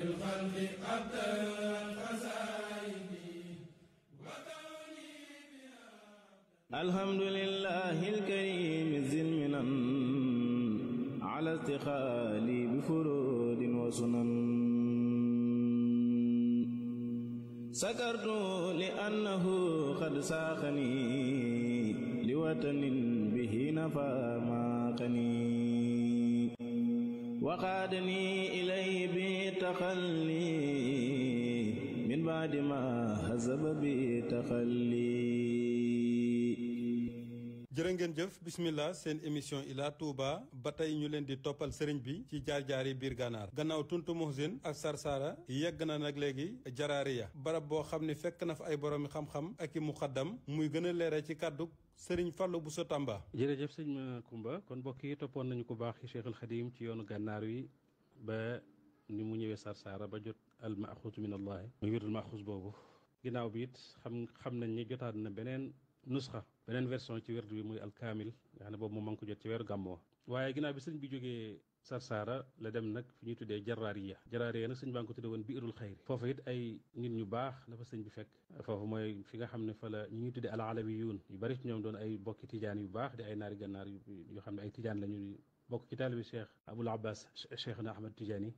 بها الحمد لله الكريم ذي المنن على استخالي بفرود وسنن سكرت لأنه قد ساقني لوطن به نفاقني ما قني وقادني إليه taxalli min baadi ma hazaba bi taxalli ngeen jëf bismillah seen émission Ila Touba ba tey ñu leen di toppal sëriñ bi ci jaar-jaari biir gànnaar gannaaw tuntu muhsin ak sarsara yegg na nag léegi ya barab boo xam ne fekk na fa ay boroomi xam-xam ak i muqaddam muy gën a leere ci kàddu sëriñ Fallou Bousso Tamba. jërëjëf sëñ Makumba kon mbokk yi toppoon nañu ko baax ci Cheikhul Khadim ci yoonu gànnaar wi ba ni mu ñëwee sarsaara ba jot al maxuus min allah allahi muy al maxuus boobu ginnaaw bi it xam xam nañ ni jotaat na beneen nusxa beneen version ci werd bi muy al kaamil nga xam ne boobu moom ma ko jot ci wér gàmmoo waaye ginnaaw bi sëñ bi jógee sarsaara la dem nag fi ñuy tuddee jaraariya jaraariya nag sëñ baa ngi ko tudde woon biirul xayri foofa it ay nit ñu baax la fa sëñ bi fekk foofu mooy fi nga xam ne fa la ñu ñuy tuddee al alawiyuun yu bari ci ñoom doon ay bokki tijaan yu baax di ay naari gànnaar yu xam ne ay tijaan lañu bokk ci taalibi cheikh abul abbas cheikh na ahmed tidiane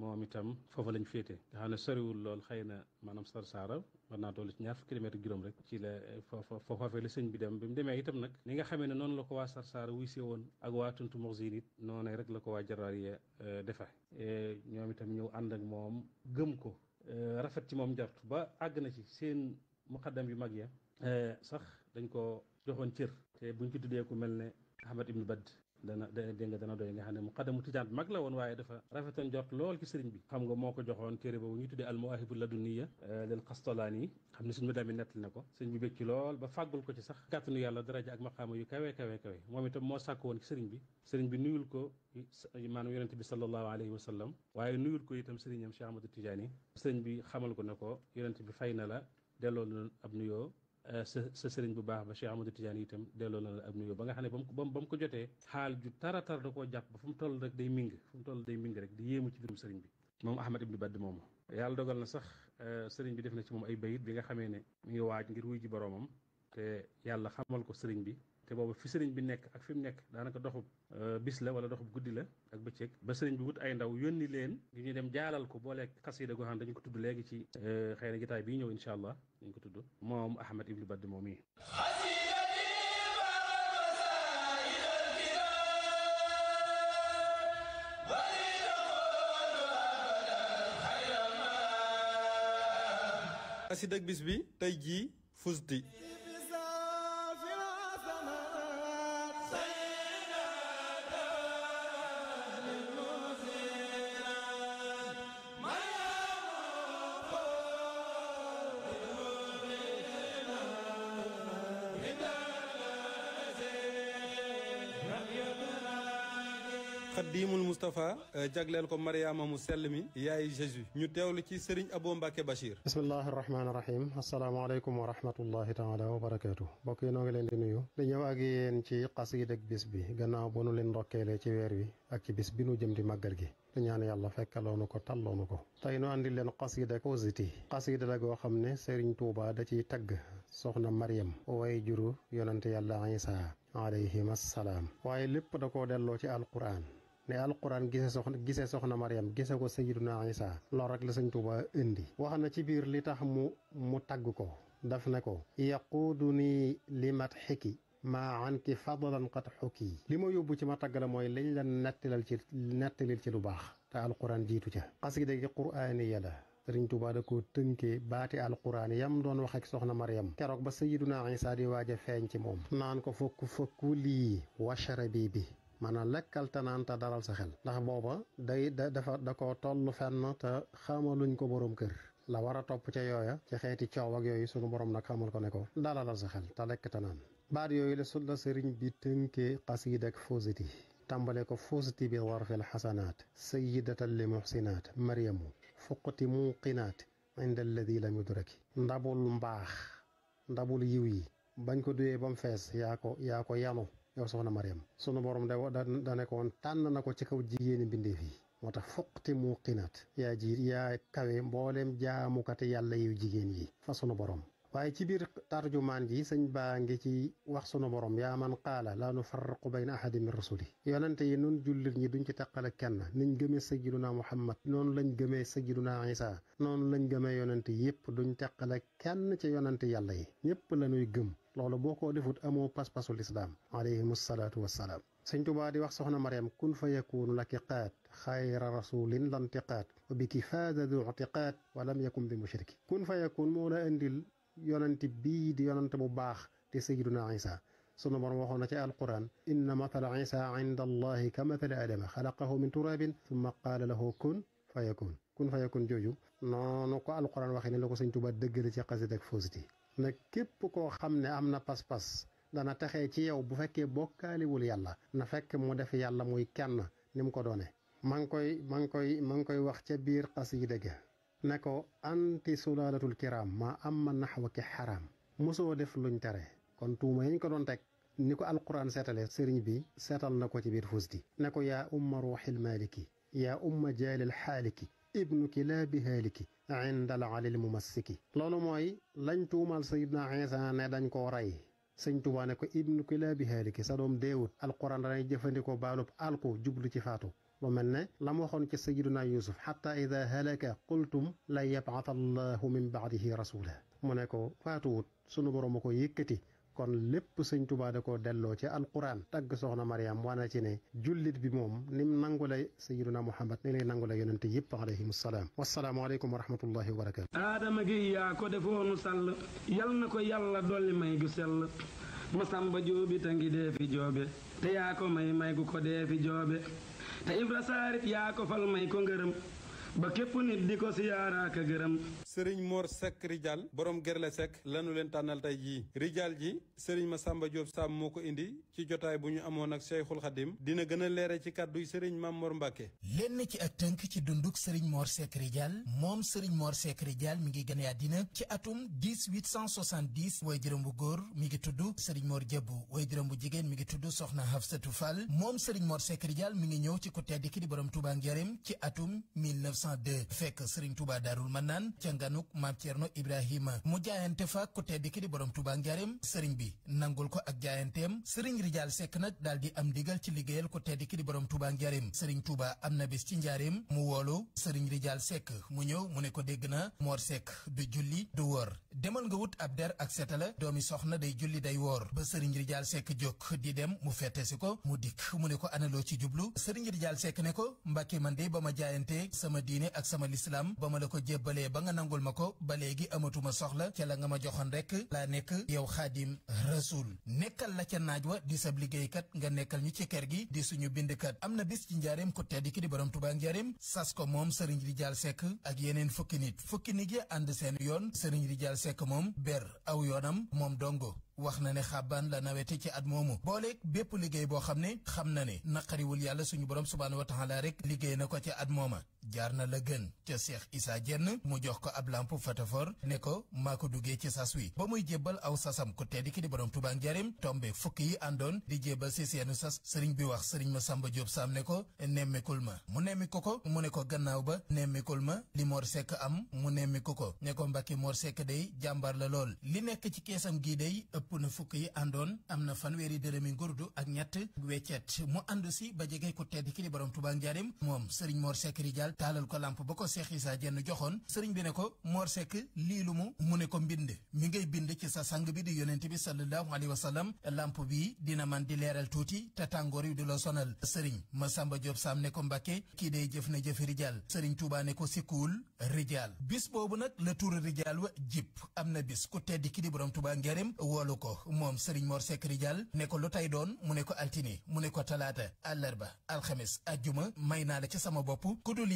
moom itam foofa lañ féete nga xam ne soriwul lool xëy na maanaam sar saara war naa toll ci ñaar fukki kilomètre juróom rek ci la foofa foofee la sëñ bi dem bi mu demee itam nag ni nga xamee ne noonu la ko waa sar saara wuy si woon ak waa tuntu moxsin it noonu rek la ko waa jaraariya defe ñoom itam ñëw ànd ak moom gëm ko rafet ci moom njort ba àgg na ci seen muqaddam yu mag ya sax dañ ko joxoon cër te buñ ci tuddee ku mel ne ahmad ibnu badd dana dégg nga dana doy nga xam ne muqaddamu tijaan bu mag la woon waaye dafa rafetoon jot lool ci sëriñ bi xam nga moo ko joxoon téere boobu ñu tuddee al mawaahibu ladunniya lil xastolaani yi xam ne suñu ma damit nett na ko sëriñ bi bëgg ci lool ba fàggul ko ci sax kàttanu yàlla daraja ak maqaama yu kawe kawe kawe moom itam moo sàkk woon ci sëriñ bi sëriñ bi nuyul ko maanaam yonente bi sallallahu alayhi wa sallam waaye nuyul ko itam sëriñam Cheikh Ahmadou Tidiane sëriñ bi xamal ko ne ko yonente bi fay na la delloo ab nuyoo Euh, sa sa sëriñ bu baax ba Cheikh Amadou Tidiane itam delloo na la ab nuyoo ba nga xam ne ba mu ba mu ko jotee xaal ju tara tar da koo jàpp ba fu mu toll rek day ming fu mu toll day ming rek di yéemu ci mbirum sëriñ bi moom Ahmad Ibn Badd moom yàlla dogal na sax euh, sëriñ bi def na ci moom ay bayit bi nga xamee ne mi ngi waaj ngir wuy ji boroomam te yàlla xamal ko sëriñ bi te boobu fi sëriñ bi nekk ak fi mu nekk daanaka doxub bis la wala doxub guddi la ak bëccëg ba sëriñ bi wut ay ndaw yónni leen ngir ñu dem jaalal ko boolee xasida goo xam dañu ko tudd léegi ci xëy na jotaay bii ñëw incha allah dañ ko tudd moom Ahmad Ibn Badd moom yi xasida bis bi tey jii Fusdi Mustafa jaglel ko Mariama mu selmi mi yaay Jésus ñu tewlu ci Serigne Abou Mbacke Bachir bismillahi rahmaani rahim alaykum wa rahmatullahi taala wa barakatuh Bokki no ngi len di nuyu di ñëw ak yéen ci xasiid ak bis bi gannaaw nu len ndokkeelee ci wër wi ak ci bis bi nu jëm di magal gi di ñaan yàlla fekkaloonu ko talloonu ko tay nu àndi leen xasiida Kossity xasiida la go xamne Serigne Touba da ci tag soxna Mariam way juru yonante yàlla Isa alayhim assalaam waaye lépp da koo delloo ci alquran ne alquran gise soxna gise soxna Mariam gise ko sayyiduna Isa loolu rek la sëñ Tuuba indi wax na ci biir li tax mu mu tagg ko daf na ko yaquuduni li mat xiki maa anki fadlan qad xukki li ma yóbbu ci ma tagg mooy lañ la nettalal ci nettalil ci lu baax te alquran jiitu ca xasida gi quraaniya la Sëriñ Tuubaa da ko tënkee baati alquraan yam doon wax ak soxna Maryam keroog ba sayyiduna Isaa di waaj a feeñ ci moom naan ko fokk fokku lii washarabi bi maanaam lekkal te naan te dalal sa xel ndax booba day dafa da ko toll fenn te xamaluñ ko borom kër la war a topp ca yooya ci xeeti coow ak yooyu sunu borom nag xamal ko ne ko dalalal sa xel te lekk te naan baat yooyu la su sëriñ bi tënkee xasiid ak fóositi tàmbale ko fóositi bi war warfil xasanaat sayidatan li muxsinaat mariamu fuqti muqinaat inda alladi lam yudraki ndabul mbaax ndabul yiw yi bañ ko duyee ba mu fees ko yaa ko yanu yow soxna Mariam sunu borom da da ne ko woon tànn na ko ci kaw jigéeni mbindeef yi moo tax foqti mu qinaat yaa jiir yaa kawe mbooleem jaamukati yàlla yu jigéen yi fa sunu borom waaye ci biir tarjumaan ji sëñ baa ngi ci wax sunu borom yaa man qaala laa nufarriqu bayna na min rusuli yonente yi nun jullit ñi duñ ci taqale kenn niñ gëmee sayyiduna muhammad noonu lañ gëmee sayyiduna isa noonu lañ gëmee yonente yépp duñ taqale kenn ci yonente yàlla yi ñépp lañuy gëm lolu boko defut amo pass pasu lislaam alayhi salaatu wassalam sëñ tubaa di wax soxna maryam kun fa yakunu laki qaat xayra rasulin tiqat wa bi kifaada du tiqaat wa lam yakun bi mushrik kun fa yakun moo la indil yonante bii di yonanti bu bax te sayyiduna isa sunu borom waxona ci alquran inna matala isa inda allahi ka matali adama xalaqahu min turabin thumma qala lahu kun fa yakun kun fa yakun jooju noonu ko alquran waxe ne lako ko sëñ tubaa dëggale ci xasit ak nag képp koo xam ne am na pas-pas dana taxe ci yow bu fekkee bokkaaliwul yàlla na fekk mu def yàlla muy kenn ni mu ko doone ma ngi koy ma ngi koy ma ngi koy wax ca biir yi ga ne ko anti sulaalatul kiraam maa amma naxwa ki xaraam mosoo def luñ tere kon tuuma yañ ko doon teg ni ko alquran seetale sëriñ bi seetal na ko ci biir fuus di ne ko yaa umma ruuxil maaliki yaa umma jaalil ki ابن كلاب هالك عند العلي الممسك لولو موي لن تومال سيدنا عيسى ندن كو راي سيدنا ابن كلاب هالك سادوم ديوت القران راي جفنديكو بالوب الكو جوبلو تي فاتو لو ملنا لام وخون سيدنا يوسف حتى اذا هلك قلتم لا يبعث الله من بعده رسولا موناكو فاتو سونو بروم يكتي kon lépp sëñ Tuubaa da koo delloo ci alquran tagg soxna Mariam wana ci ne jullit bi moom nim nangule sayyiduna Muhammad ni lay nangule yonente yëpp alayhim salaam wasalaamualeykum wa rahmatullahi wa barakatu aadama gi yaa ko defoonu sàll yal na ko yàlla dolli may gu sell masamba joobi ta ngi dee fi joobe te yaa ko may may gu ko dee fi joobe te ibra saarit yaa ko fal may ko ngërëm ba képp nit di ko siyaaraaka gërëm sëriñ Mor Seck Rijal borom Gerle Seck lanu leen tànnal tey jii Rijal ji sëriñ Masamba Diop Samb moo ko indi ci jotaay bu ñu amoon ak Cheikhul Khadim dina gën a leere ci kàdduy sëriñ Mame Mor Mbacke. lenn ci ak tënk ci dunduk sëriñ Mor Seck moom sëriñ Mor Seck Rijal mi ngi gën a àddina ci atum 1870 way jërëm bu góor mi ngi tudd sëriñ Mor Diabou way jërëm bu jigéen mi ngi tudd Soxna Hafsatou Fall moom sëriñ Mor Seck Rijal mi ngi ñëw ci ku tedd ki di borom Touba Ngerem ci atum 1902 fekk sëriñ Touba Darul Manaan nganuk maam Thierno Ibrahima mu jaayante fa ku di ki di borom Touba Njarim sëriñ bi nangul ko ak jaayanteem sëriñ Rijaal sekk nag daal di am digal ci liggéeyal ku di ki di borom Touba Njarim sëriñ Touba am na bis ci Njarim mu woolu sëriñ Rijaal Seck mu ñëw mu ne ko dégg na Mor Seck du julli du woor demal nga wut ab der ak setala doomi soxna day julli day woor ba sëriñ Rijaal Seck jóg di dem mu fette si ko mu dikk mu ne ko analoo ci jublu sëriñ Rijaal Seck ne ko Mbàkke man de ba ma jaayante sama diine ak sama lislaam nangul ma ko ba léegi amatuma soxla ca la nga ma joxoon rekk laa nekk yow xaadim rasul nekkal la ca naaj wa di sab liggéeykat nga nekkal ñu ci kër gi di suñu bindkat am na bés ci njaareem ku tedd ki di borom tubaa njaareem sas ko moom sëriñ di jaal sekk ak yeneen fukki nit fukki nit yi ànd seen yoon sëriñ di jaal sekk moom ber aw yoonam moom dongo wax na ne xàbbaan la nawete ci at moomu booleeg bépp liggéey boo xam ne xam na ne naqariwul yàlla suñu borom subhaanahu wa taala rek liggéey na ko ci at mooma jaar na la gën ca Cheikh Issa Diène mu jox ko ab lampe fatafor ne ko mako duggé ci sas wi ba muy jébal aw sasam ku tedd ki di borom Touba Njaareem tombe fukk yi andon di jébal ci seenu sas sering bi wax serigne ma Samba Diop Sam ne ko nemmikul ma mu nemmiku ko mu ne ko gannaaw ba nemmikul ma li Mor sék am mu nemmiku ko ne ko Mor sék day jambar la lol li nekk ci keesam gi day ëpp na fukk yi andon amna na fanweeri dërëmi ngurdu ak ñett wéccet mu ànd ba jégé ku tedd ki di borom Touba Njaareem mom serigne Mor Rijal Sénégal taalal ko làmp ba ko Cheikh Issa Diène joxoon sëriñ bi ne ko Mor Seck lii lu mu mu ne ko mbind mi ngay bind ci sa sang bi di yonent bi sallallahu alayhi wa sallam làmp bi dina man di leeral tuuti te tàngoor yi di la sonal sëriñ Massamba Diop Sam ne ko Mbàkke kii day jëf na jëfi rijaal sëriñ Tuubaa ne ko sikkuwul rijaal bis boobu nag la tuuru rijaal wa jip am na bis ku tedd ki di borom Tuubaa ngerim woolu ko moom sëriñ Mor Seck rijaal ne ko lu tey doon mu ne ko altine mu ne ko talaata àllarba alxames ajjuma may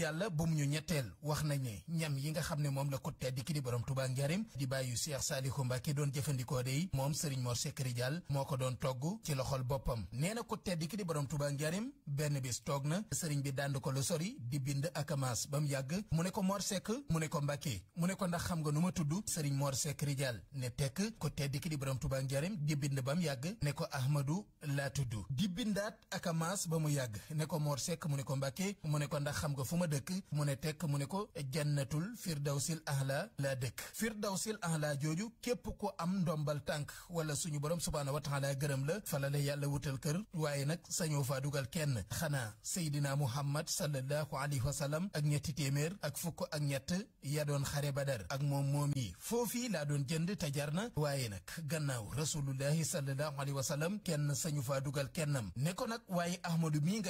yalla bu mu ñu ñettel wax nañ ne ñam yi nga xamne ne la ko tedd ki di borom Touba ngarim di bayu Cheikh salihu mbake doon jëfandikoo de mom Serigne Mor Sekri Dial moko ko doon togg ci loxol boppam nee na ko tedd ki di borom Touba ngarim benn bis togna serigne bi dand ko lu sori di bind akamas bam mu mu ne ko Mor Seck mu ne ko mbake mu ne ko ndax xam nga numa tuddu Serigne Mor Sekri Dial ne tek ko tedd ki di borom Touba ngarim di bind bam mu ne ko Ahmadou la tuddu di bindat akamas ne ko Mor Seck mu ne ko mbake mu ne ko ndax xam nga fuma dëkk mu ne tekk mu ne ko jannatul firdawsil ahla laa dëkk firdawsil ahla jooju képp ko am ndombal tànk wala suñu borom subhaanahu wa taala gërëm la fala la yàlla wutal kër waaye nag sañoo faa dugal kenn xanaa seydina muhammad sallallahu alayhi wa sallam ak ñetti téeméer ak fukk ak ñett ya doon xare badar ak moom moom yi foofii laa doon jënd te jar na waaye nag gannaaw rasulullahi sallallahu alayhi wa sallam kenn sañu faa dugal kennam ne ko nag waaye ahmadu mii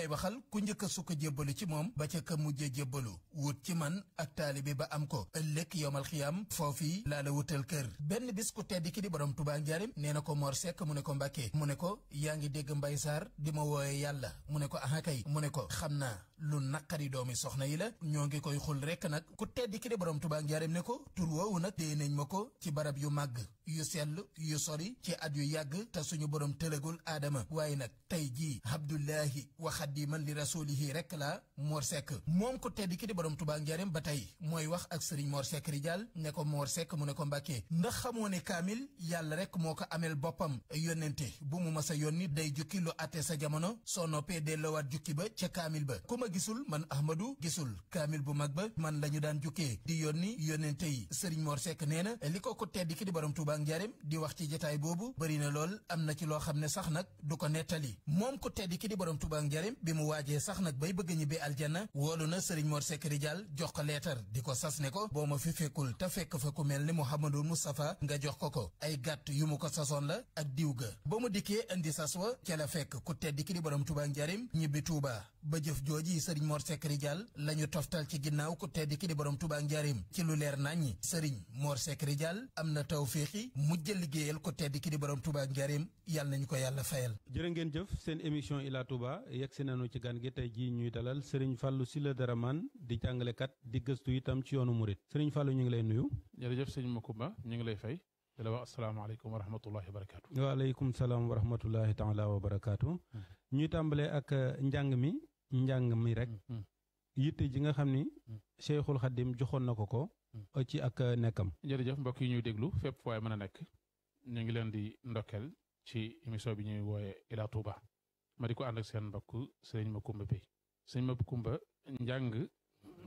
ngay jébbalu wut ci man ak taalibe ba am ko lekk yowmal xiyam foofi laa la wutal kër benn bis ku tedd ki di borom Tuubaa njaarim nee na ko moor Seck mu ne ko Mbàkke mu ne ko yaa ngi dégg Mbay Saar di ma wooye yàlla mu ne ko aha kay mu ne ko xam naa lu naqari doomi soxna yi la ñoo ngi koy xul rek nag ku tedd ki di borom Tuubaa njaareem ne ko tur woowu nag dee nañ ma ko ci barab yu màgg yu sell yu sori ci at yu yàgg te suñu borom tëlagul aadama waaye nag tey jii Abdullahi wa xaddiman li rasulihi rek la Mor Seck moom ku tedd ki di borom Tuubaa njaareem ba tey mooy wax ak sëriñ Mor Seck Rijaal ne ko Mor Seck mu ne ko Mbàkke ndax xamoo ne kaamil yàlla rek moo ko ameel boppam yónnente bu mu mas a yónni day jukki lu sa jamono soo noppee delloowaat jukki ba ca kaamil gisul man Ahmadou gisul kaamil bu mag ba man la ñu daan jukkee di yónni yónnente yi sëriñ Mor Seck nee na li ko ko tedd ki di borom Touba Njaareem di wax ci jataay boobu bëri na lool am na ci loo xam ne sax nag du ko nettali moom ko tedd ki di borom Touba Njaareem bi mu waajee sax nag bay bëgg ñibbi aljanna woolu na sëriñ Mor Seck Rijal jox ko leetar di ko sas ne ko boo ma fi fekkul te fekk fa ku mel ni Mouhamadou Moustapha nga jox ko ko ay gàtt yu mu ko sasoon la ak diw ga ba mu dikkee indi sas wa ca la fekk ku di borom Touba Njaareem ñibbi Touba ba ji sëriñ Mor Seck Rijal lañu toftal ci ginnaw ko tedd ki di borom Touba Njaarim ci lu leer nañi serigne Mor Seck Rijal amna tawfiqi tawféexi mujj liggéeyal ku tedd ki di borom Touba Njaarim yàlla nañ ko yalla fayal. jere ngeen jëf seen émission Ila Touba yegg nañu ci gan gi tay ji ñuy dalal sëriñ Fallou Sylla Daraman di kat di gëstu itam ci yoonu mourid serigne fallu ñu ngi lay nuyu. jëf serigne makuba ñu ngi lay fay. di wa assalamu alaykum wa rahmatullahi wa wa alaykum salaam wa rahmatullahi taala wa barakatuh ñuy tambalé ak njang mi njàng mi rek mm, mm. yitte ji nga xam ni mm. Cheikhul Khadim joxoon na ko ko ci ak nekkam jërëjëf mbokk yi ñuy déglu fépp waaye mën a nekk ñu ngi leen di ndokkeel ci émission bi ñuy wooye Ila Touba ma di ko ànd ak seen mbokk sëriñ Makumba bi sëriñ Makumba njàng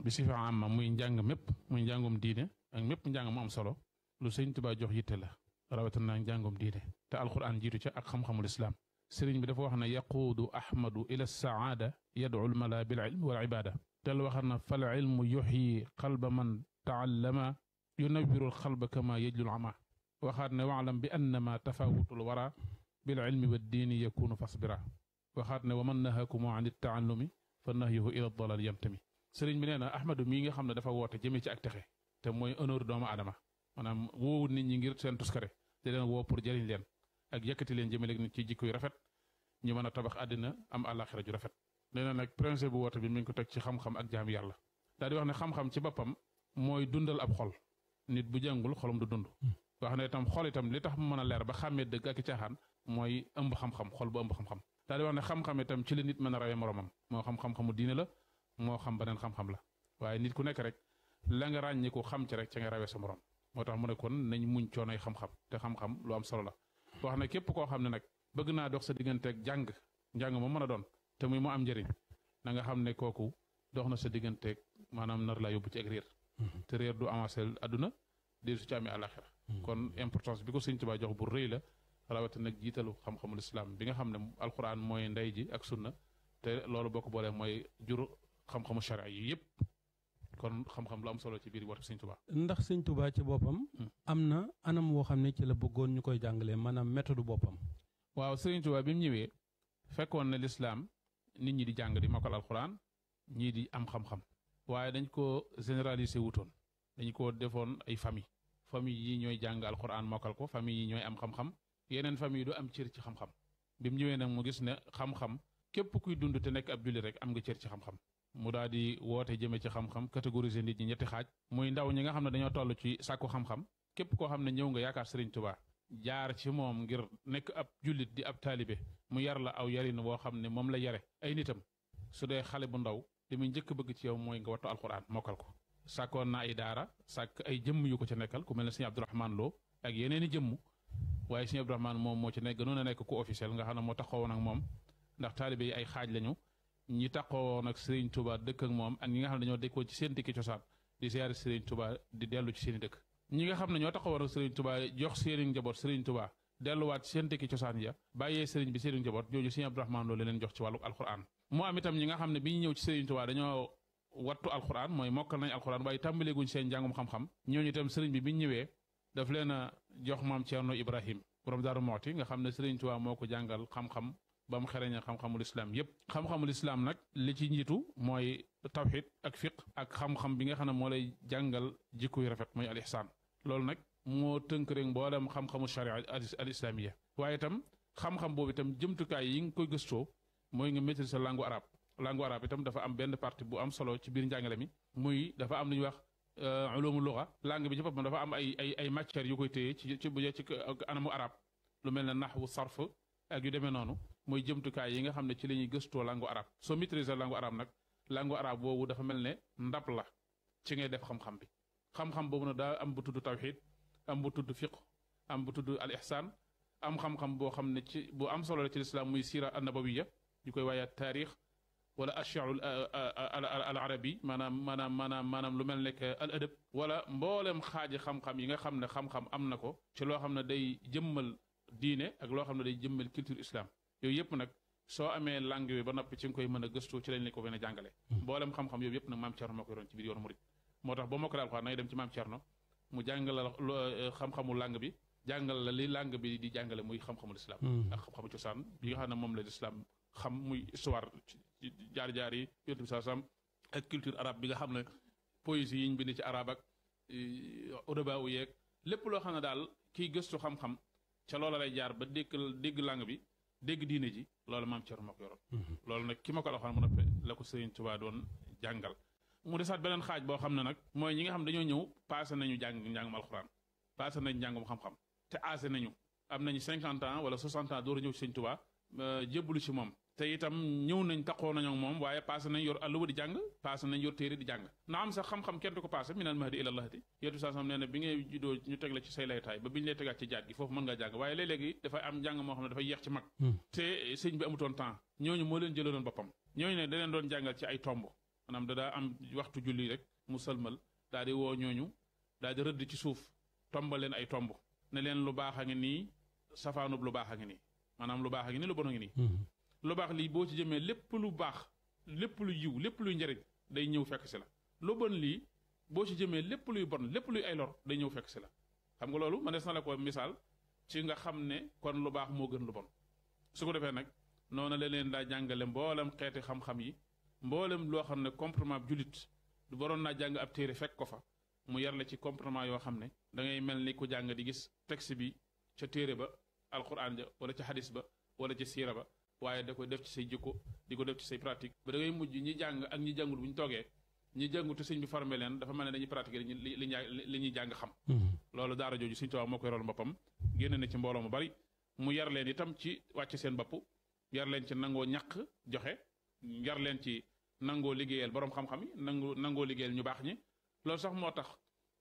bi si fa am muy njàng mépp muy njàngum diine ak mépp njàng mu am solo lu sëriñ Touba jox yitte la rawatina njàngum diine te alxuraan jiitu ca ak xam-xamul islaam سرين بدفو وخنا يقود احمد الى السعاده يدعو الملا بالعلم والعباده تل وخنا فالعلم يحيي قلب من تعلم ينبر الخلب كما يجل العمى وخرنا واعلم بان ما تفاوت الورى بالعلم والدين يكون فاصبرا وخرنا ومن نهاكم عن التعلم فالنهي الى الضلال يمتمي سرين بنينا احمد ميغا خمنا دفا ووتا جيمي تي اكتخي انور دوما ادما أنا وو نيت ني غير وو بور لين ak yëkkati leen jëmale nit ci jikko yu rafet ñu mën a tabax àddina am àllaaxira ju rafet. nee na nag principe bu woote bi mi ngi ko teg ci xam-xam ak jaam yàlla daal di wax ne xam-xam ci boppam mooy dundal ab xol nit bu jàngul xolam du dund. Hmm. wax ne itam xol itam li tax mu mën a leer ba xàmmee dëgg ak caaxaan mooy ëmb xam-xam xol bu ëmb xam-xam. daal di wax ne xam-xam itam ci la nit mën a rawee moromam moo xam xam-xamu diine la moo xam beneen xam-xam la waaye nit ku nekk rek la nga ràññi xam ci rek ca rawee sa morom moo tax mu ne kon nañ muñ coonoy xam-xam te xam-xam lu am solo la wax ne képp koo xam ne nag bëgg naa dox sa digganteeg jàng njàng ma mën a doon te muy mu am njëriñ na nga xam ne kooku dox na sa digganteeg maanaam nar laa yóbbu ci ak réer mm-hmm. te réer du avancé àdduna dee su ci amee àlaxira mm-hmm. kon importance bi ko sëñ Tuubaa jox bu rëy la rawatina nag jiitalu xam-xamul islam bi nga xam ne alquran mooy ndey ji ak sunna te loolu boo ko boolee mooy juru xam-xamu sharia yi yëpp kon xam lu am solo ci biir woote sëñ Touba. ndax sëñtubaa Touba ci boppam. Hmm. am na anam woo xam ne ci la bëggoon ñu koy jàngalee maanaam méthode boppam. waaw sëñ Touba bi mu ñëwee fekkoon na lislaam nit ñi di jàng di mokkal alxuraan ñii di am xam-xam. waaye dañ ko généraliser wutoon dañ koo defoon ay famille famille yi ñooy jàng alxuraan mokkal ko famille yi ñooy am xam-xam yeneen famille du am cër ci xam-xam bi mu ñëwee nag mu gis ne xam-xam képp kuy dund te nekk ab jullit rek am nga cër ci xam-xam mu daal di woote jëme ci xam-xam catégoriser nit ñi ñetti xaaj muy ndaw ñi nga xam ne dañoo toll ci sàkku xam-xam képp koo xam ne ñëw nga yaakaar Serigne Touba jaar ci moom ngir nekk ab jullit di ab taalibe mu yar la aw yarin woo xam ne moom la yare ay nitam su dee xale bu ndaw li muy njëkk bëgg ci yow mooy nga wattu alxuraan mokkal ko sàkkoon naa ay daara sàkk ay jëmm yu ko ci nekkal ku mel ne sëñ Abdourahmane Lo ak yeneen i jëmm waaye sëñ Abdourahmane moom moo ci nekk gënoon a nekk ku officiel nga xam ne moo taxawoon ak moom ndax taalibe ay xaaj lañu ñi taxoo woon ak Serigne Touba dëkk ak moom ak ñi nga xam ne dañoo dëkkoo ci seen dëkki cosaan di siyaare Serigne Touba di dellu ci seen dëkk ñi nga xam ne ñoo taxawoon ak Serigne Touba jox seeni njaboot Serigne Touba delluwaat ci seen dëkki cosaan ya bàyyee Serigne bi seeni njaboot jooju Serigne Abdourahmane loolu leen jox ci wàllu alquran mu am itam ñi xam ne bi ñu ñëw ci Serigne Touba dañoo wattu alquran mooy mokkal nañ alquran waaye tàmbaleeguñ seen njàngum xam-xam ñooñu itam Serigne bi bi ñu ñëwee daf leen a jox maam Thierno Ibrahim borom Daaru Mooti nga xam ne Serigne Touba moo ko jàngal xam ba mu xereñe xam-xamul islam yépp xam-xamul islam nag li ci njiitu mooy tawxid ak fiq ak xam-xam bi nga xam ne moo lay jàngal jikkuy rafet mooy al ihsaan loolu nag moo tënk rek mboolem xam-xamu sharia al islamiyya waaye itam xam-xam boobu itam jëmtukaay yi nga koy gëstoo mooy nga maîtriser sa langue arabe langue arabe itam dafa am benn partie bu am solo ci biir njàngale mi muy dafa am lu ñuy wax euh, ulumul lugha langue bi ci boppam dafa am ay ay ay matières yu koy téye ci bu bu ci anamu arabe lu mel ne naxwu sarf ak yu demee noonu mooy jëmtukaay yi nga xam ne ci la ñuy gëstoo langue arabe soo maîtriser langu arab nag langu arab boobu dafa mel ne ndab la ci ngay def xam-xam bi xam-xam boobu nag daa am bu tudd tawxid am bu tudd fiq am bu tudd al ihsan am xam-xam boo xam ne ci bu am solo la ci lislaam muy sira annabawiya ñu koy waaye taarix wala ashiru al arabi maanaam maanaam maanaam maanaam lu mel nekk al adab wala mboolem xaaji xam-xam yi nga xam ne xam-xam am na ko ci loo xam ne day jëmmal diine ak loo xam ne day jëmmal culture islam yooyu yëpp nag soo amee langue bi ba noppi ci nga koy mën a gëstu ci lañ la ko gën a jàngale hmm. mboolem xam-xam yooyu yëpp nag maam Thierno moo koy roon ci biir yoonu murit moo tax boo mokkale alxuraan nay dem ci maam mu jàngal la euh, xam-xamu langue bi jàngal la li langue bi di jàngale muy xam-xamul islam hmm. ak xam-xamu cosaan bi nga xam ne moom la islam xam muy histoire jaar-jaar yi yonent bi saa sam ak culture arabe bi nga xam ne poésie yi ñu bind ci arabe ak euh, udabaa u yeeg lépp loo xam ne daal ki gëstu xam-xam ca loola lay jaar ba dégg dégg lang bi dégg diine ji loolu maam Thierno moo ko yoroon. Mm-hmm. loolu nag ki ma ko waxoon mu ne la ko Serigne Touba doon jàngal. mu desaat beneen xaaj boo xam ne nag mooy ñi nga xam dañoo ñëw passé nañu jàng njàngum alxuraan passé nañu njàngum xam-xam te aase nañu am nañu cinquante ans wala soixante ans door a ñëw ci Serigne Touba euh, ci moom te itam ñëw nañ taqoo nañoo moom waaye passé nañ yor àlluwa di jàng passé nañ yor téere di jàng na am sax xam-xam kenn ko passé minal mahdi ila lahdi yétu saa sam nee la ci say laytaay ba bi ñu lay tegaat ci jaat gi foofu mën ngaa jàng waaye léeg-léegi dafay am jàng moo xam ne dafay yeex ci mag hmm. te ñooñu moo leen jëlaloon boppam ñooñu ne da doon jàngal ci ay tomb maanaam dadaa am waxtu julli rek mu salmal daal di woo ñooñu daal di rëdd ci suuf tombal leen ay tomb ne leen lu baax a ngi nii safaanub lu baax a ngi nii maanaam lu baax a ngi nii lu bon a ngi nii hmm. lu baax lii boo ci jëmee lépp lu baax lépp lu yiw lépp luy njariñ day ñëw fekk si la lu bon lii boo ci jëmee lépp luy bon lépp luy ay lor day ñëw fekk si la xam nga loolu mënees na la ko misaal ci nga xam ne kon lu baax moo gën lu bon su ko defee nag noona la leen daa jàngale mboolem xeeti xam-xam yi mboolem loo xam ne comportement jullit du waroon naa jàng ab téere fekk ko fa mu yar ci comportement yoo xam ne da ngay mel ni ku jàng di gis texte bi ca téere ba alquran ja wala ca hadis ba wala ca siira ba waaye da koy def ci say jikko di ko def ci say pratique ba da ngay mujj ñi jàng ak ñi jàngul bu ñu toogee ñi jàngu te sëñ bi formé leen dafa mel ne dañuy pratiquer li li li ñuy jàng xam hmm. loolu daara jooju sëñ Tuubaa moo koy roon boppam génn na ci mbooloo mu bari mu yar leen itam ci wàcc seen bopp yar leen ci nangoo ñàq joxe yar leen ci nangoo liggéeyal boroom xam-xam nangoo liggéeyal ñu baax ñi loolu sax moo tax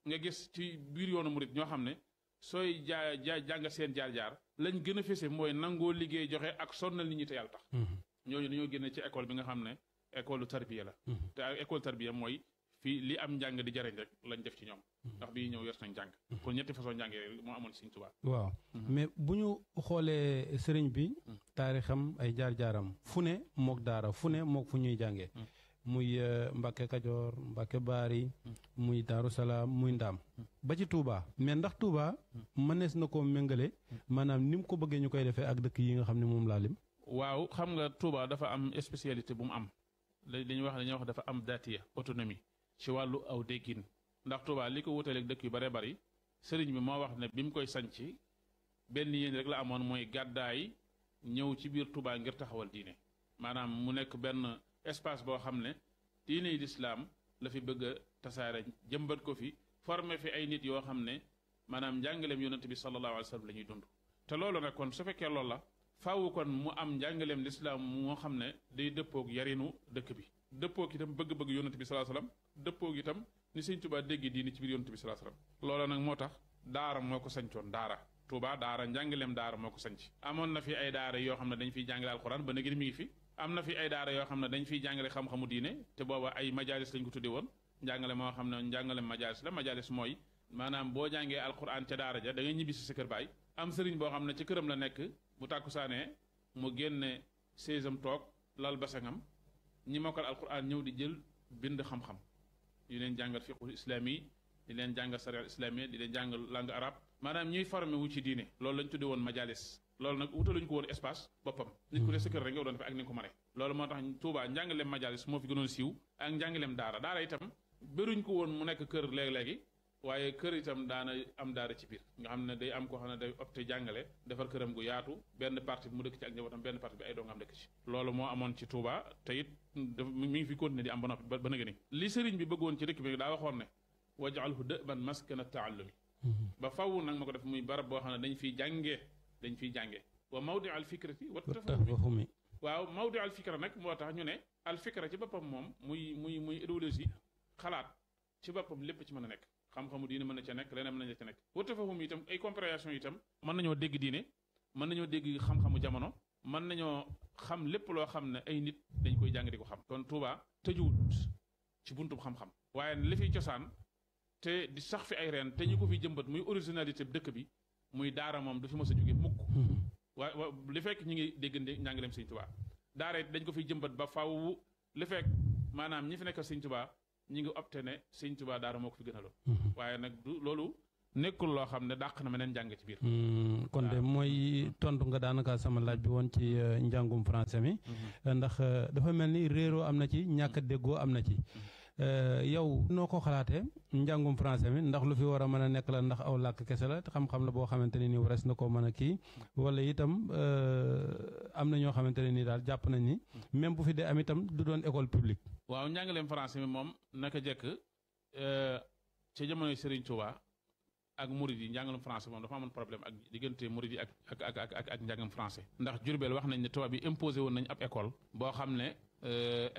nga gis ci biir yoonu murit ñoo xam ne sooy jaa jaa jàng seen jaar-jaar lañ gën a mooy nangoo liggéey joxe ak sonnal li ñu te yàlla tax mhm. ñooñu dañoo génne ci école bi nga xam ne école tarbiya la mhm. te école tarbiya mooy fii li am njàng di jariñ rek lañ def ci ñoom mhm. ndax bii ñëw yor nañ njàng kon ñetti façon njàng yi moo amoon Sëriñ Tuubaa waaw mais bu ñu xoolee sëriñ bi taarixam ay jaar-jaaram fu ne mook daara fu ne mook fu ñuy jàngee muy eh, Mbacke Kajoor Mbacke Baari muy Daaru Salaam muy Ndaam ba ci Touba mais ndax Touba mënees na ko méngale maanaam ni mu ko bëggee ñu koy defee ak dëkk yi nga xam ne moom laa lim waaw xam nga Touba dafa am spécialité bu mu am dañuy wax dañuy wax dafa am daatiya autonomie ci wàllu aw déggin ndax Touba li ko wutaleeg dëkk yu bare bari sëriñ bi moo wax ne bi mu koy sanc benn yéen rek la amoon mooy gàddaay ñëw ci biir Touba ngir taxawal diine maanaam espace boo xam ne diiney lislaam la fi bëgg tasaare jëmbat ko fi former fi ay nit yoo xam ne maanaam njàngaleem yonent bi sallallahu alayhi wa sallam la ñuy dund te loolu nag kon su fekkee loolu la faawu kon mu am njàngaleem lislaam moo xam ne day dëppoog yarinu dëkk bi dëppoog itam bëgg-bëgg yonent bi sallallahu alayhi wa sallam dëppoog itam ni sëñ Tuubaa dégg diini ci biir yonent bi sallallahu alayhi wa nag moo tax daara moo ko sañcoon daara Tuubaa daara njàngaleem daara moo ko sañc amoon na fi ay yoo xam ne dañ fiy jàngale alxuraan ba nag mi ngi fi am na fi ay daara yoo xam ne dañ fiy jàngale xam-xamu diine te booba ay majalis lañ ko tudde woon njàngale moo xam ne njàngale majalis la majalis mooy maanaam boo jàngee alquran ca daara ja da ngay ñibbi si sa kër baay am sëriñ boo xam ne ci këram la nekk bu tàkkusaanee mu génne seesam toog lal basangam ñi mokkal alquran ñëw di jël bind xam-xam di leen jàngal fiqhul islami di leen jàngal sarial islami di leen jàngal langue arabe maanaam ñuy formé wu ci diine loolu lañ tudde woon majalis loolu nag wutaluñu ko woon espace boppam nit ku ne sa kër rek nga doon defee ak ni nga ko mënee loolu moo tax Touba njàngaleem majalis moo fi gënoon siiw ak ko woon mu nekk kër léegi-léegi waaye kër itam daana am daara ci biir nga xam ne day am koo xam ne day opté jàngale defar këram gu yaatu benn partie mu dëkk ci ak njabootam benn partie bi ay doongam dëkk amoon ci Touba te it mi ngi fi continuer di am ba noppi ba nëgë ni li sëriñ bi bëggoon ci dëkk bi daa waxoon ne waj'alhu da'ban maskana taallumi mm-hmm. ba faw nag ma ko def muy barab boo xam ne dañ fiy jàngee dañ fiy jànge wa mawdi al fikrati wa tafahumi waaw mawdi al fikra nag moo tax ñu ne al fikra ci boppam moom muy muy muy idéologie xalaat ci boppam lépp ci mën a nekk xam-xamu diine mën na ca nekk leneen mën na ca nekk wa tafahum itam ay compréhension itam mën nañoo dégg diine mën nañoo dégg xam-xamu jamono mën nañoo xam lépp loo xam ne ay nit dañ koy jàng di ko xam kon Touba tëjuwut ci buntu xam-xam waaye li fiy cosaan te di sax fi ay reen te ñu ko fi jëmbat muy originalité dëkk bi muy daara moom du fi mos a jóge mukk hmm. waa wa li fekk ñu ngi dégg njàngaleem sëñ tubaa daara it dañ ko fiy jëmbat ba faaw li fekk maanaam ñi fi nekk sëñ tubaa ñu ngi opté ne sëñ tubaa daara moo ko fi gënaloon hmm. waaye nag loolu nekkul loo xam ne dàq na meneen neen jàng ci biir. Hmm. kon de mooy tontu nga daanaka sama laaj bi woon ci euh, njàngum français mi. ndax euh, dafa mel ni réeroo am na ci ñàkk déggoo am na ci. Euh, yow noo ko xalaatee njàngum français mi ndax lu fi war a mën a nekk la ndax aw làkk kese la xam-xam la boo xamante ne ni wares na koo mën a kii wala itam euh, am na ñoo xamante ne ni daal jàpp nañ ni même bu fi dee am itam du doon école publique. waaw njàngaleem français mi moom naka jekk euh, ci jamonoy Serigne Touba ak murid yi njàngaleem français moom dafa amoon problème ak diggante murid yi ak ak ak ak ak ndax Jurbel wax nañ ne tubaab yi imposé woon nañ ab école. boo xam ne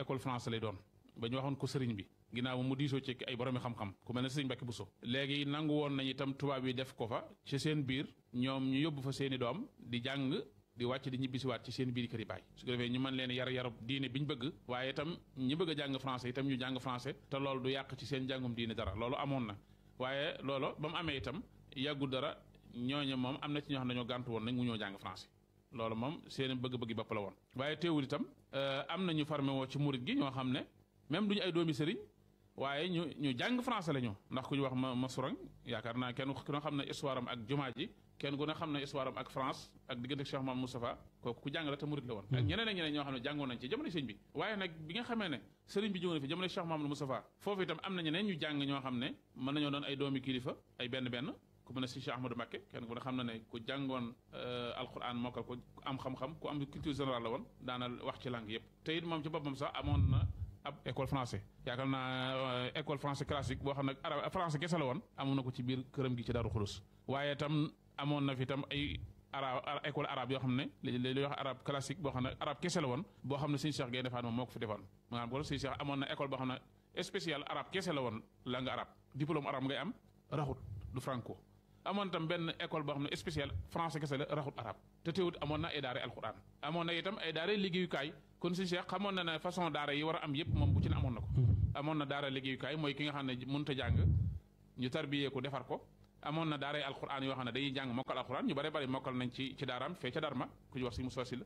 école français lay doon. ba ñu waxoon ko sëriñ bi ginnaaw mu diisoo ci ay boromi xam-xam ku mel ne sëriñ Mbàkke Buso léegi nangu woon nañu itam tubaab yi def ko fa ci seen biir ñoom ñu yóbbu fa seeni doom di jàng di wàcc di ñibbisiwaat ci seen biir kër yi baay su ko defee ñu man leen yar yarub diine bi ñu bëgg waaye itam ñi bëgg a jàng français tam ñu jàng français te loolu du yàq ci seen jàngum diine dara loolu amoon na waaye loolu ba mu amee itam yàggu dara ñooñu moom am na ci ñoo xam ne woon nañ mu ñoo jàng français loolu moom seen bëgg-bëgg bopp la woon waaye teewul euh, même duñu ay doomi sëriñ waaye ñu ñu jàng français la ñu ndax ku ñu wax ma surang yaakaar naa kenn ku ne xam ne histoire am ak jumaa ji kenn ku ne xam ne histoire am ak France ak diggante hmm. ne nga xamee ne sëriñ bi jógoon na fi jamono Cheikh Mamadou Moustapha foofu itam am na ñeneen ñu jàng ñoo xam ne mën nañoo doon ay doomi kilifa ay benn benn ku mën a si Cheikh Ahmadou Mbacké kenn ku xam na ne ku jàngoon euh, alquran mokkal ko am xam-xam ku am culture générale la woon daana wax ci langue yëpp te it moom ci boppam sax amoon na ab école français yaakaar naa euh, école français classique boo xam ne arabe français kese la woon amoon na ko ci biir këram gi ci Daaru Xulus waaye tam na fi tam ay arabe école arabe yoo xam ne li li wax arabe classique boo xam ne arabe kese la woon boo xam ne suñu Cheikh Gaynde Fatma moom moo ko fi defoon maanaam kon suñu Cheikh amoon na école boo du franco amoon tam benn école boo xam ne spécial français kese la raxut arabe te teewut na ay daare alquran kon si cheikh xamone na na façon daara yi wara am yépp mom bu ci amone nako amone na daara kay moy ki nga xamne munta jang ñu tarbiyee ko defar ko amone na daara alquran yo xamne dañuy jang mokal alquran ñu bari bari mokal nañ ci ci daaram fe ci darma ku ci wax sëñ Moussa Sylla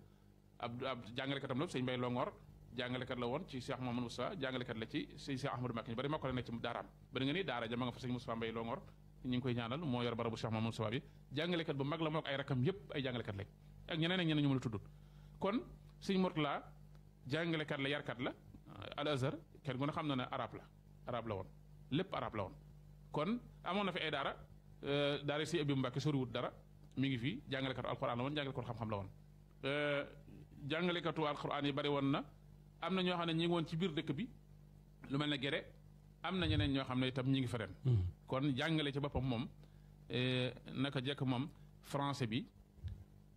ab ab jàngalekatam la sëñ Mbay jangale kat la won ci Cheikh Mamadou jangale kat la ci sëñ Cheikh Ahmadou Mbacké ñu bare nañ ci daaram bari nga ni daara ja ma nga fa sëñ Moussa Mbay Longoor ñu ngi koy ñaanal mo yor barabu Cheikh Mamadou Moussa bi kat bu mag la mok ay rakam yépp ay kat lek ak ñeneen ak ñeneen ñu mëna kon sëñ Mourtala jàngalekat la yarkat la al azhar kenn ku xam na ne arab la lépp arab kon amoon na fi ay daara euh, daara si Ibnu Mbàkke soriwut dara mi ngi fi jàngalekatu alquran la woon jàngalekatu xam-xam la woon euh, jàngalekatu alquran yi bari woon na am na ñoo xam ne ñi woon ci biir dëkk bi lu mel ne gere am na ñeneen ñoo xam ne itam ñi ngi fereen hmm. kon jàngale ci boppam moom euh, naka jekk moom français bi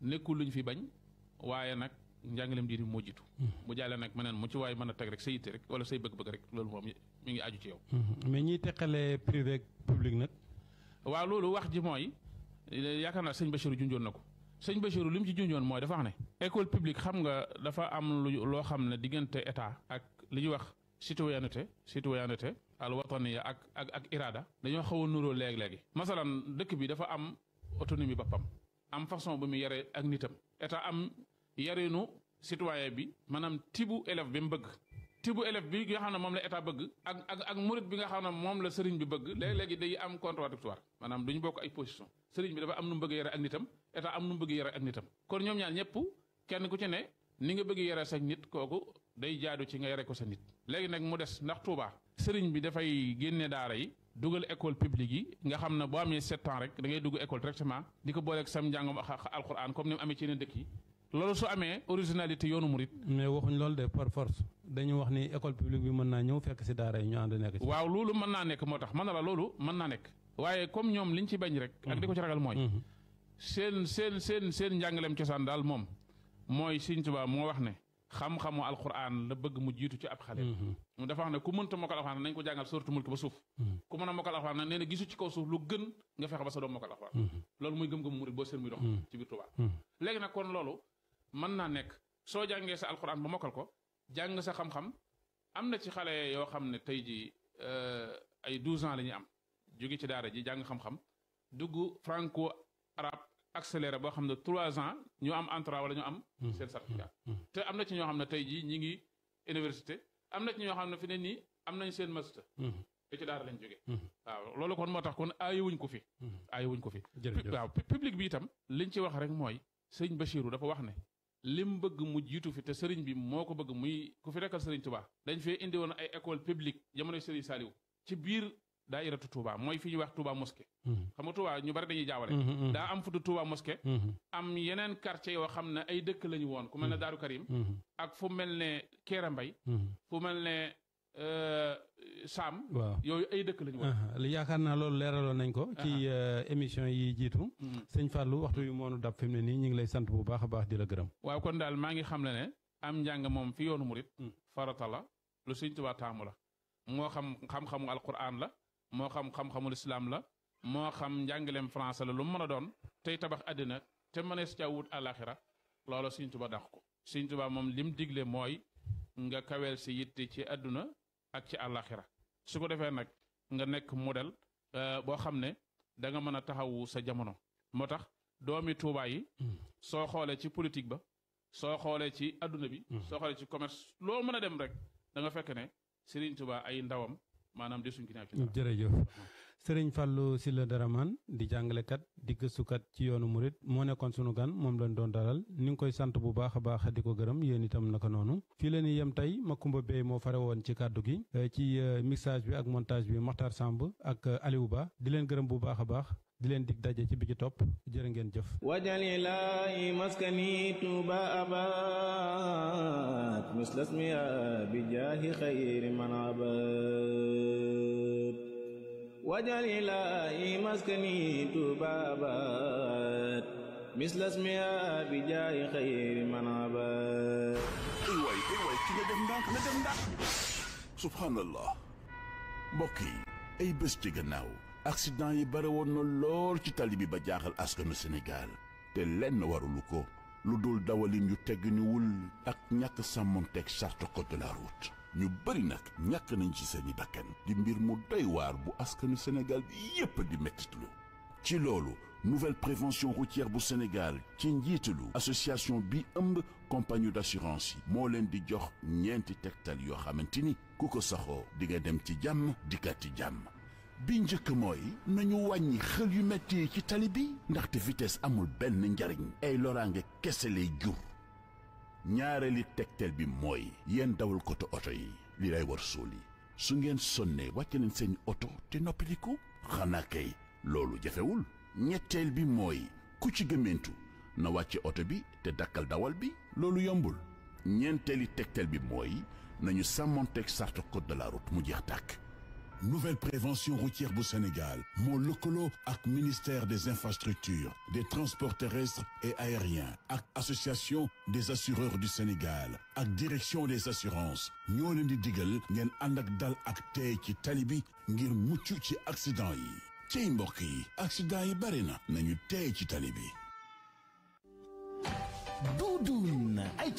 nekkul luñ fi bañ waaye nag njàngaleem diini moo jiitu bu hmm. jàllee nag meneen mu ci waaye mën a teg rek sa yitte rek wala say bëgg-bëgg rek loolu moom mi ngi aju ci yow hmm. mais ñiy teqale privé ak public nag waaw loolu wax ji mooy yaakaar naa sëñ Bachirou junjoon na ko sëñ Bachirou li mu ci junjoon mooy dafa wax ne école publique xam nga dafa am lu loo xam ne diggante état ak li ñuy wax citoyenneté citoyenneté al wataniya ak ak ak irada dañoo xaw a nuróo léegi-léegi masalan dëkk bi dafa am autonomie boppam am mu yare ak nitam yarinu citoyen bi maanaam tibu élève bi mu bëgg tibu élève bi nga xam ne moom la état bëgg ak ak ak murit bi nga xam ne moom la sëriñ bi bëgg léeg-léegi day am contradictoire maanaam duñu bokk ay position sëriñ bi dafa am nu mu bëgg yare ak nitam état am nu mu bëgg yare ak nitam kon ñoom ñaar ñëpp kenn ku ci ne ni nga bëgg yare sa nit kooku day jaadu ci nga yare ko sa nit léegi nag mu des ndax Touba sëriñ bi dafay génne daara yi dugal école publique yi nga xam ne boo amee sept ans rek da ngay di ko booleeg sam njàngam alxuraan comme ni mu amee ci yeneen dëkk yi loolu su amee originalité yoonu murit mais waxuñ loolu de par dañu wax ni école publique bi mën naa ñëw fekk si daara yi ñu ànd nekk ci. waaw loolu mën naa nekk moo tax na la loolu mën naa nekk. waaye comme ñoom liñ ci bañ rek. ak di ko ci ragal mooy. Mhm. seen seen seen seen njàngaleem cosaan daal moom mooy Sëriñ Tuubaa moo wax ne. xam-xamu alquran la bëgg mu jiitu ci ab xale. Mhm. mu dafa wax ne ku mënta mokkal alquran nañ ko jàngal sóoratu mulk ba suuf. Mhm. ku a mokkal alquran nag nee kaw suuf lu gën nga loolu muy gëm-gëm murit boo seen muy dox. ci biir Tuubaa loolu mën naa nekk soo jàngee sa alxuraan ba mokkal ko jàng sa xam-xam am na ci xale yoo xam ne tey jii euh, ay 12 ans la ñuy am jóge ci daara ji jàng xam-xam dugg franco arabe accéléré boo xam ne 3 ans ñu am entra wala ñu am. Hmm. seen certificat. Hmm. Hmm. te am na ci ñoo xam ne tey jii ñi ngi université am na ci ñoo xam ne fi ne nii am nañ seen master. te ci daara lañ jóge. waaw loolu kon moo tax kon aayewuñ ko fi. aayewuñ ko fi. waaw public bi itam liñ ci wax rek mooy sëñ Bachirou dafa wax ne. lim bëgg mu jiitu fi te sëriñ bi moo ko bëgg muy ku fi rekkal sëriñ Touba dañ fee indi woon ay école publique jamonoy sëriñ Saliou ci biir daa daayiratu Touba mooy fi ñuy wax Touba mosquée. Hmm. xam nga ñu bari dañuy jaawale. Hmm, hmm, daa am futu Touba mosquée. am yeneen quartier yoo xam ne ay dëkk lañu woon ku mel ne Daaru Karim. ak fu mel ne Kéra Mbay fu mel ne Euh, saam waaw yooyu ay dëkk lañu wax yaakaar naa loolu leeraloon nañ ko ci euh, émission yi jiitu mm-hmm. sëñ Fallou waxtu yu moonu dab fi ne nii ñu ngi lay sant bu baax a baax di la gërëm waaw kon daal maa ngi xam le ne am njàng moom fi yoonu murit mm. farata la lu sëñ Tuubaa taamu la moo xam xam-xamu alquran la moo xam xam-xamul islam la moo xam njàngaleem français la lu mu mën a doon tey tabax àddina te mënees caa wut àlaxira loolu sëñ Tuubaa dàq ko sëñ Tuubaa moom lim digle mooy nga kaweel si yitte ci àdduna ak ci àllaaxira su ko defee nag nga nekk modèle euh, boo xam ne da nga mën a taxawu sa jamono moo tax doomi Tuubaa yi hmm. soo xoolee ci politique ba soo xoolee ci adduna bi hmm. soo xoolee ci commerce loo mën a dem rek da nga fekk ne Serigne Touba ay ndawam maanaam desuñ ginnaaw ci jërëjëf Sering fallu sila Daraman di kat di gëstukat ci yoonu murit moo nekkoon sunu gan lañ doon dalal ni ngi koy buba bu baax a baax di ko gërëm itam naka nonu fii la yam yem Makumba Bey mo fare woon ci kàddu gi euh, ci euh, mixage bi ak montage bi Makhtar sambu ak euh, Aliou Ba di leen gërëm bu baax baax di len dig daje ci bi top topp ngeen wajali laahi maskani tuba abat mislasmia bi jaahi xayri man abat wajal ilaahi maskani tubaabaat mislas miyaa bi jaay xayri manaabaat ay waay ay waay ki def ndànk na def ndànk subhaanallah mbokk yi ay bés ci gannaaw accident yi bare woon na lool ci tali bi ba jaaxal askanu Sénégal te lenn warulu ko lu dul dawalin yu tegg niwul ak ñàkk sàmmonteeg charte code de la route ñu bari nak ñàkk nañ ci seeni bakkan di mbir mu doy bu askanu Sénégal bi yépp di nouvelle prévention routière bu Sénégal ci association bi ëmb compagnie d'assurance yi moo leen di jox ñeenti tegtal yoo xamante ni ku ko saxoo di nga dem ci jàmm jàmm bi njëkk mooy bi ndaxte vitesse amul benn njariñ ay ñaareeli tegtal bi mooy yéen dawal koto oto yi li lay war suul yi su ngeen sonnee wàcc leen seen oto te noppaliku xanaa kay loolu jafewul ñetteel bi mooy ku ci gëmmentu na wàcce oto bi te dakkal dawal bi loolu yombul ñeenteeli tegtal bi mooy nañu sàmmonteeg sarta code de la mu jeex tàkk nouvelle prévention routière au Sénégal Mon Lokolo, ak ministère des infrastructures des transports terrestres et aériens ak association des assureurs du Sénégal ak direction des assurances Nous, leen di digal ngeen ak dal ak tey ci tali bi ngir mucc ci accident yi ciy mbokk accident yi barina, nañu tey ci tali bi. Doudoune